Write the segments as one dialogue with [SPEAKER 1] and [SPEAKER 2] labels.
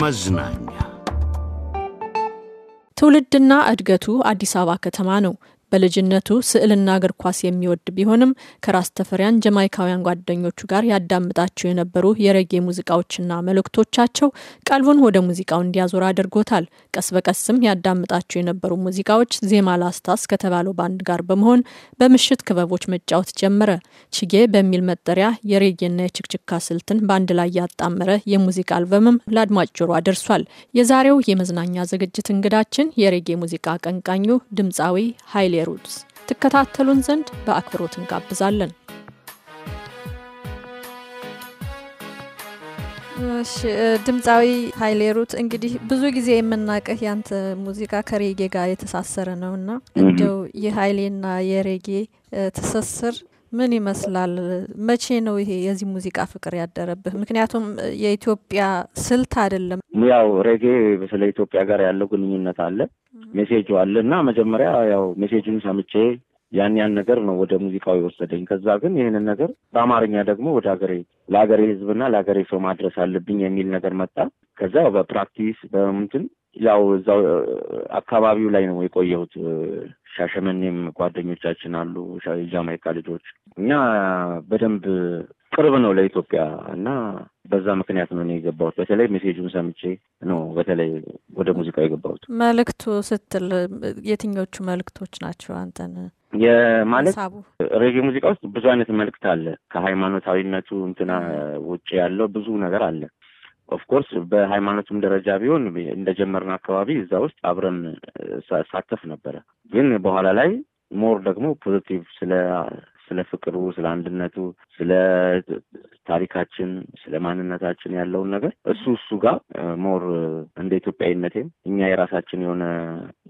[SPEAKER 1] መዝናኛ
[SPEAKER 2] ትውልድና እድገቱ አዲስ አበባ ከተማ ነው። በልጅነቱ ስዕልና እግር ኳስ የሚወድ ቢሆንም ከራስ ተፈሪያን ጀማይካውያን ጓደኞቹ ጋር ያዳምጣቸው የነበሩ የሬጌ ሙዚቃዎችና መልእክቶቻቸው ቀልቡን ወደ ሙዚቃው እንዲያዞር አድርጎታል። ቀስ በቀስም ያዳምጣቸው የነበሩ ሙዚቃዎች ዜማ ላስታስ ከተባለው ባንድ ጋር በመሆን በምሽት ክበቦች መጫወት ጀመረ። ችጌ በሚል መጠሪያ የሬጌና የችክችካ ስልትን በአንድ ላይ ያጣመረ የሙዚቃ አልበምም ለአድማጭ ጆሮ አደርሷል። የዛሬው የመዝናኛ ዝግጅት እንግዳችን የሬጌ ሙዚቃ አቀንቃኙ ድምፃዊ ኃይሌ ሩትስ ትከታተሉን ዘንድ በአክብሮት እንጋብዛለን። ድምፃዊ ሀይሌ ሩት እንግዲህ ብዙ ጊዜ የምናቀህ ያንተ ሙዚቃ ከሬጌ ጋር የተሳሰረ ነው እና እንደው የሀይሌና የሬጌ ትስስር ምን ይመስላል? መቼ ነው ይሄ የዚህ ሙዚቃ ፍቅር ያደረብህ? ምክንያቱም የኢትዮጵያ ስልት አይደለም።
[SPEAKER 1] ያው ሬጌ ስለ ኢትዮጵያ ጋር ያለው ግንኙነት አለ። ሜሴጁ አለ እና መጀመሪያ ያው ሜሴጁን ሰምቼ ያን ያን ነገር ነው ወደ ሙዚቃው የወሰደኝ። ከዛ ግን ይህንን ነገር በአማርኛ ደግሞ ወደ ሀገሬ ለሀገሬ ህዝብና ለሀገሬ ሰው ማድረስ አለብኝ የሚል ነገር መጣ። ከዛ በፕራክቲስ በምንትን ያው እዛው አካባቢው ላይ ነው የቆየሁት። ሻሸመኔም ጓደኞቻችን አሉ፣ ጃማይካ ልጆች። እኛ በደንብ ቅርብ ነው ለኢትዮጵያ እና በዛ ምክንያት ነው እኔ የገባሁት። በተለይ ሜሴጁን ሰምቼ ነው በተለይ ወደ ሙዚቃ የገባሁት።
[SPEAKER 2] መልእክቱ ስትል የትኞቹ መልእክቶች ናቸው አንተን
[SPEAKER 1] የማለት ሬጌ ሙዚቃ ውስጥ ብዙ አይነት መልእክት አለ። ከሃይማኖታዊነቱ እንትና ውጭ ያለው ብዙ ነገር አለ። ኦፍኮርስ በሃይማኖቱም ደረጃ ቢሆን እንደጀመርን አካባቢ እዛ ውስጥ አብረን ሳተፍ ነበረ። ግን በኋላ ላይ ሞር ደግሞ ፖዘቲቭ ስለ ስለ ፍቅሩ፣ ስለ አንድነቱ፣ ስለ ታሪካችን፣ ስለ ማንነታችን ያለውን ነገር እሱ እሱ ጋር ሞር እንደ ኢትዮጵያዊነቴም እኛ የራሳችን የሆነ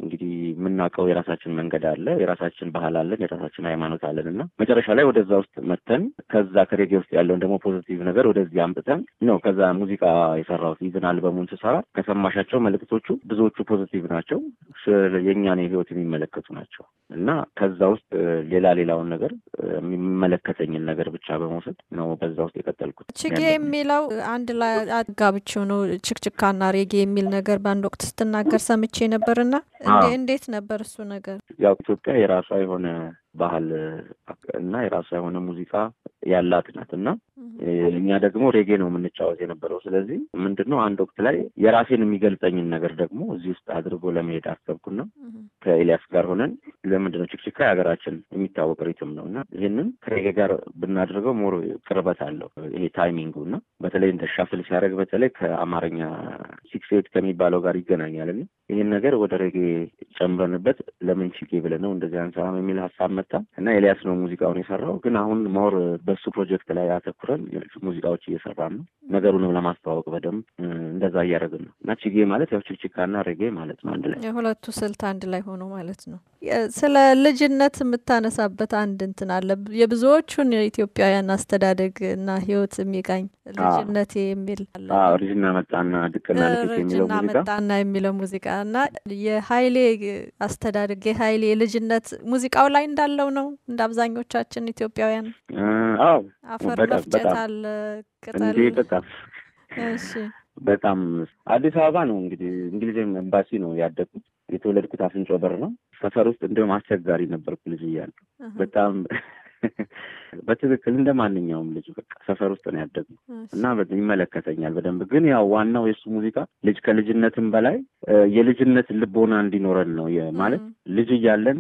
[SPEAKER 1] እንግዲህ የምናውቀው የራሳችን መንገድ አለ፣ የራሳችን ባህል አለን፣ የራሳችን ሃይማኖት አለን እና መጨረሻ ላይ ወደዛ ውስጥ መተን ከዛ ከሬዲዮ ውስጥ ያለውን ደግሞ ፖዘቲቭ ነገር ወደዚህ አምጥተን ነው ከዛ ሙዚቃ የሰራሁት። ኢቭን አልበሙን ስሰራ ከሰማሻቸው መልእክቶቹ ብዙዎቹ ፖዘቲቭ ናቸው፣ የእኛን ህይወት የሚመለከቱ ናቸው እና ከዛ ውስጥ ሌላ ሌላውን ነገር የሚመለከተኝን ነገር ብቻ በመውሰድ ነው በዛ ውስጥ የቀጠልኩት።
[SPEAKER 2] ችጌ የሚለው አንድ ላይ አጋብቼው ነው ችክችካና ሬጌ የሚል ነገር በአንድ ወቅት ስትናገር ሰምቼ ነበርና እንዴት ነበር እሱ ነገር?
[SPEAKER 1] ያው ኢትዮጵያ የራሷ የሆነ ባህል እና የራሷ የሆነ ሙዚቃ ያላት ናት እና እኛ ደግሞ ሬጌ ነው የምንጫወት የነበረው። ስለዚህ ምንድነው አንድ ወቅት ላይ የራሴን የሚገልጠኝን ነገር ደግሞ እዚህ ውስጥ አድርጎ ለመሄድ አሰብኩና ከኤልያስ ጋር ሆነን ለምንድነው ችክችካ የሀገራችን የሚታወቅ ሪትም ነው እና ይህንን ከሬጌ ጋር ብናደርገው ሞር ቅርበት አለው ይሄ ታይሚንጉ እና በተለይ እንደ ሻፍል ሲያደርግ በተለይ ከአማርኛ ሲክስ ኤት ከሚባለው ጋር ይገናኛል ይህን ነገር ወደ ሬጌ ጨምረንበት ለምን ችጌ ብለን ነው እንደዚህ አንሰራም የሚል ሀሳብ መጣ እና ኤልያስ ነው ሙዚቃውን የሰራው። ግን አሁን ሞር በሱ ፕሮጀክት ላይ አተኩረን ሙዚቃዎች እየሰራን ነው። ነገሩንም ለማስተዋወቅ በደንብ እንደዛ እያደረግን ነው እና ችጌ ማለት ያው ችክችካና ሬጌ ማለት
[SPEAKER 2] ነው። አንድ ላይ የሁለቱ ስልት አንድ ላይ ሆኖ ማለት ነው። ስለ ልጅነት የምታነሳበት አንድ እንትን አለ። የብዙዎቹን የኢትዮጵያውያን አስተዳደግ እና ህይወት የሚቃኝ ልጅነት የሚል
[SPEAKER 1] ልጅና መጣና ድቅና ልጅና መጣና
[SPEAKER 2] የሚለው ሙዚቃ እና የሀይሌ አስተዳደግ የሀይል የልጅነት ሙዚቃው ላይ እንዳለው ነው እንደ አብዛኞቻችን ኢትዮጵያውያን።
[SPEAKER 1] አዎ አፈር መፍጨት አለ
[SPEAKER 2] ቅጠል። እሺ
[SPEAKER 1] በጣም አዲስ አበባ ነው እንግዲህ እንግሊዝ ኤምባሲ ነው ያደግኩት። የተወለድኩት አፍንጮ በር ነው። ሰፈር ውስጥ እንደውም አስቸጋሪ ነበርኩ ልጅ እያለሁ በጣም በትክክል እንደ ማንኛውም ልጅ በቃ ሰፈር ውስጥ ነው ያደግነው እና ይመለከተኛል በደንብ። ግን ያው ዋናው የእሱ ሙዚቃ ልጅ ከልጅነትም በላይ የልጅነት ልቦና እንዲኖረን ነው ማለት ልጅ እያለን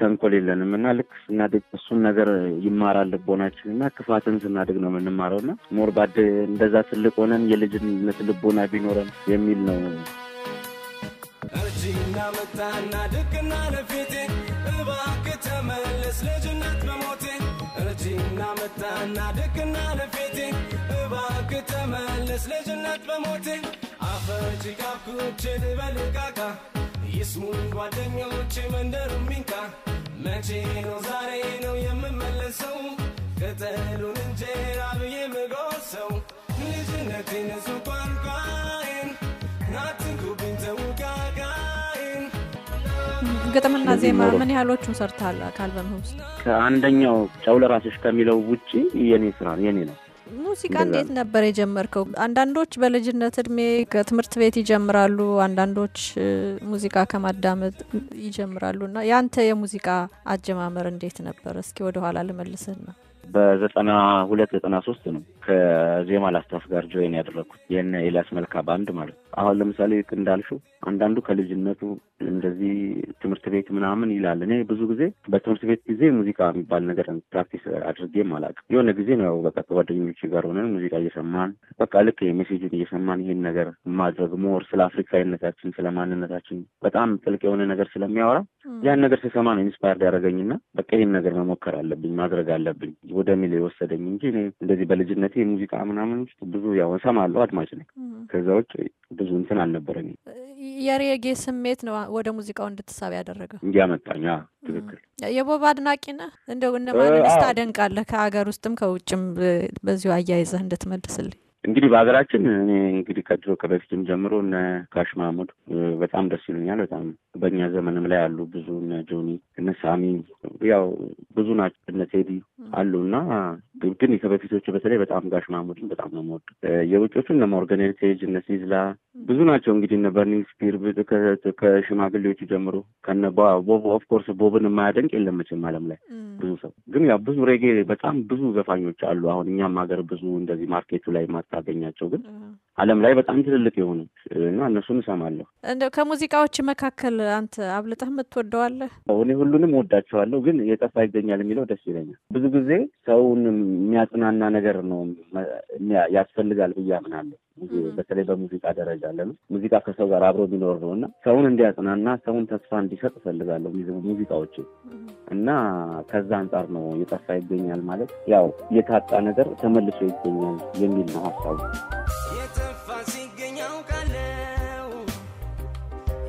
[SPEAKER 1] ተንኮል የለንም እና ልክ ስናድግ እሱን ነገር ይማራል ልቦናችን እና ክፋትን ስናድግ ነው የምንማረው እና ሞርባድ እንደዛ ትልቅ ሆነን የልጅነት ልቦና ቢኖረን የሚል ነው። እርጅና መጣና ድቅና ለፊቴ እባክ ተመለስ ልጅነት በሞቴ ልጅና መጣና ድቅና ለፌቴ እባክ ተመለስ ልጅነት በሞቴ አፈር ጭቃ ኩቼ ልበልቃቃ ይስሙን ጓደኞች መንደሩ ሚንቃ መቼ ነው ዛሬ ነው የምመለሰው ቅጠሉን እንጀራ ብዬ ምጎሰው ልጅነቴን ስኳር ቋይን
[SPEAKER 2] ግጥምና ዜማ ምን ያህሎቹን ሰርታል ከአልበም ውስጥ
[SPEAKER 1] ከአንደኛው ጫው ለራስሽ ከሚለው ውጭ የኔ ስራ የኔ ነው።
[SPEAKER 2] ሙዚቃ እንዴት ነበር የጀመርከው? አንዳንዶች በልጅነት እድሜ ከትምህርት ቤት ይጀምራሉ፣ አንዳንዶች ሙዚቃ ከማዳመጥ ይጀምራሉ። እና ያንተ የሙዚቃ አጀማመር እንዴት ነበር? እስኪ ወደኋላ ልመልስህ ነው።
[SPEAKER 1] በዘጠና ሁለት ዘጠና ሶስት ነው ከዜማ ላስታፍ ጋር ጆይን ያደረግኩት የነ ኤልያስ መልካ ባንድ ማለት አሁን ለምሳሌ እንዳልሽው አንዳንዱ ከልጅነቱ እንደዚህ ትምህርት ቤት ምናምን ይላል። እኔ ብዙ ጊዜ በትምህርት ቤት ጊዜ ሙዚቃ የሚባል ነገር ፕራክቲስ አድርጌም አላውቅም። የሆነ ጊዜ ነው ያው በቃ ከጓደኞች ጋር ሆነን ሙዚቃ እየሰማን በቃ ልክ የሜሴጁን እየሰማን ይህን ነገር ማድረግ ሞር ስለ አፍሪካዊነታችን ስለ ማንነታችን በጣም ጥልቅ የሆነ ነገር ስለሚያወራ ያን ነገር ስሰማ ነው ኢንስፓየርድ ያደረገኝና በቃ ይህን ነገር መሞከር አለብኝ ማድረግ አለብኝ ወደ ሚል የወሰደኝ እንጂ እኔ እንደዚህ በልጅነቴ ሙዚቃ ምናምን ውስጥ ብዙ ያው እሰማለሁ፣ አድማጭ ነኝ። ከዛ ውጭ ብዙ እንትን አልነበረም።
[SPEAKER 2] የሬጌ ስሜት ነው ወደ ሙዚቃው እንድትሳብ ያደረገው
[SPEAKER 1] እንዲያመጣኝ። ትክክል።
[SPEAKER 2] የቦብ አድናቂ ነህ? እንደው እነማንስ ታደንቃለህ? ከሀገር ውስጥም ከውጭም፣ በዚሁ አያይዘህ እንድትመልስልኝ
[SPEAKER 1] እንግዲህ በሀገራችን እኔ እንግዲህ ከድሮ ከበፊትም ጀምሮ እነ ካሽ ማሙድ በጣም ደስ ይሉኛል። በጣም በእኛ ዘመንም ላይ አሉ ብዙ እነ ጆኒ እነ ሳሚ ያው ብዙ ናቸው እነ ቴዲ አሉ እና ግን ከበፊቶቹ በተለይ በጣም ጋሽ ማሙድን በጣም ነው የውጮቹ እነ ሞርገን ሄሪቴጅ እነ ሲዝላ ብዙ ናቸው እንግዲህ እነ በርኒንግ ስፒር ከሽማግሌዎቹ ጀምሮ ከነ ቦብ ኦፍኮርስ ቦብን የማያደንቅ የለም መቼም ዓለም ላይ ብዙ ሰው ግን ያው ብዙ ሬጌ በጣም ብዙ ዘፋኞች አሉ። አሁን እኛም ሀገር ብዙ እንደዚህ ማርኬቱ ላይ ማታገኛቸው ግን ዓለም ላይ በጣም ትልልቅ የሆኑ እና እነሱን እሰማለሁ።
[SPEAKER 2] እንደ ከሙዚቃዎች መካከል አንተ አብልጠህ የምትወደዋለህ?
[SPEAKER 1] እኔ ሁሉንም ወዳቸዋለሁ፣ ግን የጠፋ ይገኛል የሚለው ደስ ይለኛል። ብዙ ጊዜ ሰውን የሚያጽናና ነገር ነው ያስፈልጋል ብዬ አምናለሁ። በተለይ በሙዚቃ ደረጃ ለምን ሙዚቃ ከሰው ጋር አብሮ ቢኖር ነው እና ሰውን እንዲያጽናና ሰውን ተስፋ እንዲሰጥ እፈልጋለሁ ሙዚቃዎች እና ከዛ አንጻር ነው የጠፋ ይገኛል ማለት ያው የታጣ ነገር ተመልሶ ይገኛል የሚል ነው ሀሳቡ። የጠፋ ሲገኝ አውቃለው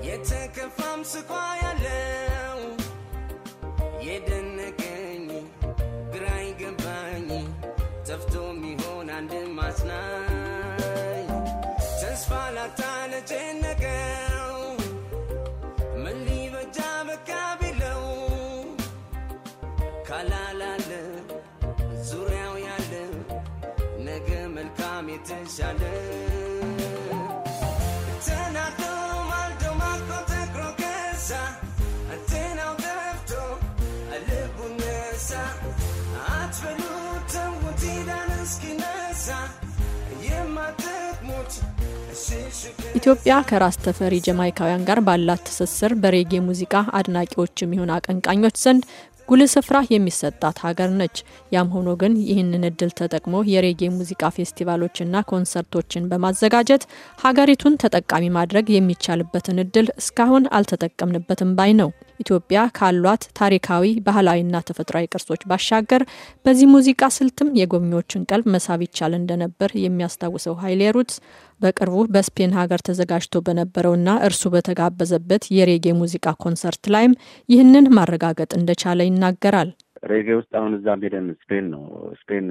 [SPEAKER 1] የተከፋም ስኳ ያለው የደነቀኝ ግራ ይገባኝ ተፍቶ የሚሆን አንድ ማጽናት ተስፋ ላጣ ለጨነቀው ምን ሊበጃ በቃ ቢለው ካላላለ ዙሪያው ያለ ነገ መልካም የተሻለ ተናዶ ማልዶ ማልቆ ተግሮ ገዛ አንቴናው ደፍቶ ልቡ ነሳ አትበሉ ተውት ዳን እስኪነሳ የማትሞት
[SPEAKER 2] ኢትዮጵያ ከራስ ተፈሪ ጀማይካውያን ጋር ባላት ትስስር በሬጌ ሙዚቃ አድናቂዎችም ይሁን አቀንቃኞች ዘንድ ጉልህ ስፍራ የሚሰጣት ሀገር ነች። ያም ሆኖ ግን ይህንን እድል ተጠቅሞ የሬጌ ሙዚቃ ፌስቲቫሎችና ኮንሰርቶችን በማዘጋጀት ሀገሪቱን ተጠቃሚ ማድረግ የሚቻልበትን እድል እስካሁን አልተጠቀምንበትም ባይ ነው። ኢትዮጵያ ካሏት ታሪካዊ ባህላዊና ተፈጥሯዊ ቅርሶች ባሻገር በዚህ ሙዚቃ ስልትም የጎብኚዎችን ቀልብ መሳብ ይቻል እንደነበር የሚያስታውሰው ሀይሌ ሩት በቅርቡ በስፔን ሀገር ተዘጋጅቶ በነበረውና እርሱ በተጋበዘበት የሬጌ ሙዚቃ ኮንሰርት ላይም ይህንን ማረጋገጥ እንደቻለ ይናገራል።
[SPEAKER 1] ሬጌ ውስጥ አሁን እዛም ሄደን ስፔን ነው ስፔን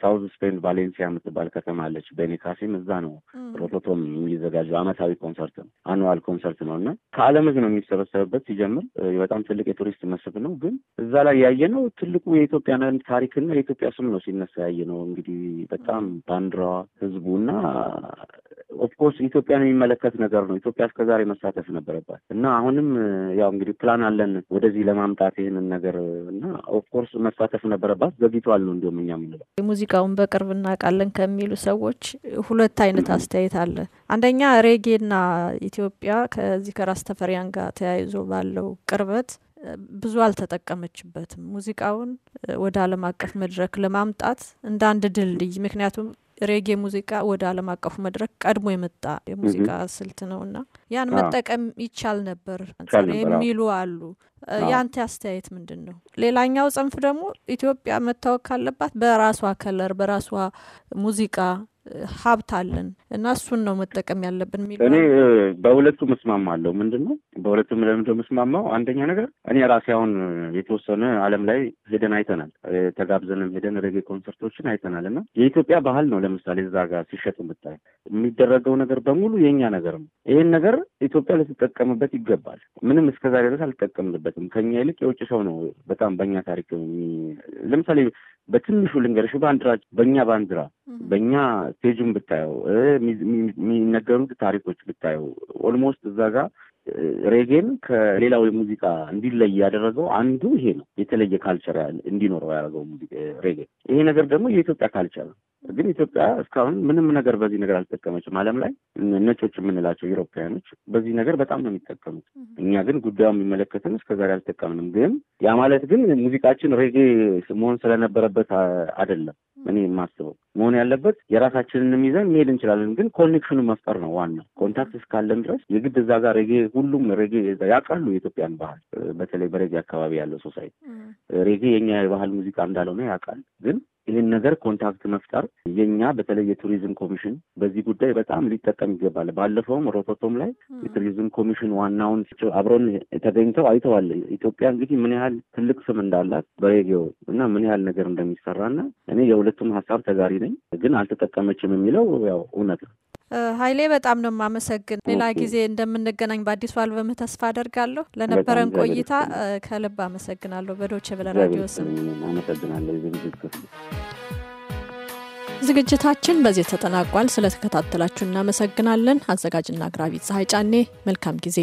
[SPEAKER 1] ሳውዝ ስፔን ቫሌንሲያ የምትባል ከተማ አለች። በኒካሲም እዛ ነው ሮቶቶም የሚዘጋጀው አመታዊ ኮንሰርት ነው፣ አኑዋል ኮንሰርት ነው እና ከዓለም ነው የሚሰበሰብበት። ሲጀምር በጣም ትልቅ የቱሪስት መስህብ ነው። ግን እዛ ላይ ያየነው ትልቁ የኢትዮጵያ ታሪክና የኢትዮጵያ ስም ነው ሲነሳ ያየነው እንግዲህ በጣም ባንዲራዋ፣ ህዝቡና ኦፍኮርስ ኢትዮጵያን የሚመለከት ነገር ነው። ኢትዮጵያ እስከዛሬ መሳተፍ ነበረባት እና አሁንም ያው እንግዲህ ፕላን አለን ወደዚህ ለማምጣት ይህንን ነገር እና ኦፍኮርስ ኮርስ መሳተፍ ነበረባት። ዘግይተዋል ነው እንዲሁም እኛ የምንለው።
[SPEAKER 2] ሙዚቃውን በቅርብ እናውቃለን ከሚሉ ሰዎች ሁለት አይነት አስተያየት አለ። አንደኛ ሬጌና ኢትዮጵያ ከዚህ ከራስ ተፈሪያን ጋር ተያይዞ ባለው ቅርበት ብዙ አልተጠቀመችበትም። ሙዚቃውን ወደ ዓለም አቀፍ መድረክ ለማምጣት እንደ አንድ ድልድይ ምክንያቱም ሬጌ ሙዚቃ ወደ ዓለም አቀፉ መድረክ ቀድሞ የመጣ የሙዚቃ ስልት ነው እና ያን መጠቀም ይቻል ነበር የሚሉ አሉ። የአንተ አስተያየት ምንድን ነው? ሌላኛው ጽንፍ ደግሞ ኢትዮጵያ መታወቅ ካለባት በራሷ ከለር፣ በራሷ ሙዚቃ ሀብት አለን እና እሱን ነው መጠቀም ያለብን የሚለው
[SPEAKER 1] እኔ ምስማማ አለው። ምንድን ነው በሁለቱም ለምንድ ምስማማው? አንደኛ ነገር እኔ ራሴ አሁን የተወሰነ ዓለም ላይ ሄደን አይተናል፣ ተጋብዘንም ሄደን ሬጌ ኮንሰርቶችን አይተናል እና የኢትዮጵያ ባህል ነው። ለምሳሌ እዛ ጋር ሲሸጥ ብታይ የሚደረገው ነገር በሙሉ የእኛ ነገር ነው። ይህን ነገር ኢትዮጵያ ልትጠቀምበት ይገባል። ምንም እስከዛ ድረስ አልጠቀምንበትም። ከኛ ይልቅ የውጭ ሰው ነው በጣም በእኛ ታሪክ ለምሳሌ በትንሹ ልንገርሽ፣ ባንዲራ በእኛ ባንዲራ በእኛ ስቴጁን ብታየው የሚነገሩት ታሪኮች ብታየው ኦልሞስት እዛ ጋር ሬጌን ከሌላው ሙዚቃ እንዲለይ ያደረገው አንዱ ይሄ ነው። የተለየ ካልቸር እንዲኖረው ያደረገው ሬጌን። ይሄ ነገር ደግሞ የኢትዮጵያ ካልቸር ግን ኢትዮጵያ እስካሁን ምንም ነገር በዚህ ነገር አልጠቀመችም ዓለም ላይ ነጮች የምንላቸው ኢሮፓውያኖች በዚህ ነገር በጣም ነው የሚጠቀሙት። እኛ ግን ጉዳዩ የሚመለከትን እስከዛሬ አልጠቀምንም። ግን ያ ማለት ግን ሙዚቃችን ሬጌ መሆን ስለነበረበት አይደለም። እኔ የማስበው መሆን ያለበት የራሳችንንም ይዘን መሄድ እንችላለን። ግን ኮኔክሽኑ መፍጠር ነው ዋና። ኮንታክት እስካለን ድረስ የግድ እዛ ጋር ሬጌ ሁሉም ሬጌ ያውቃሉ የኢትዮጵያን ባህል፣ በተለይ በሬጌ አካባቢ ያለው ሶሳይቲ ሬጌ የኛ የባህል ሙዚቃ እንዳልሆነ ያውቃል ግን ይህን ነገር ኮንታክት መፍጠር የኛ በተለይ የቱሪዝም ኮሚሽን በዚህ ጉዳይ በጣም ሊጠቀም ይገባል። ባለፈውም ሮቶቶም ላይ የቱሪዝም ኮሚሽን ዋናውን አብሮን ተገኝተው አይተዋል። ኢትዮጵያ እንግዲህ ምን ያህል ትልቅ ስም እንዳላት በሬዲዮ እና ምን ያህል ነገር እንደሚሰራና እኔ የሁለቱም ሀሳብ ተጋሪ ነኝ፣ ግን አልተጠቀመችም የሚለው ያው እውነት ነው።
[SPEAKER 2] ኃይሌ በጣም ነው የማመሰግን። ሌላ ጊዜ እንደምንገናኝ በአዲሱ አልበምህ ተስፋ አደርጋለሁ። ለነበረን ቆይታ ከልብ አመሰግናለሁ። በዶቼ ብለ ራዲዮ ስም ዝግጅታችን በዚህ ተጠናቋል። ስለተከታተላችሁ እናመሰግናለን። አዘጋጅና አቅራቢ ፀሐይ ጫኔ። መልካም ጊዜ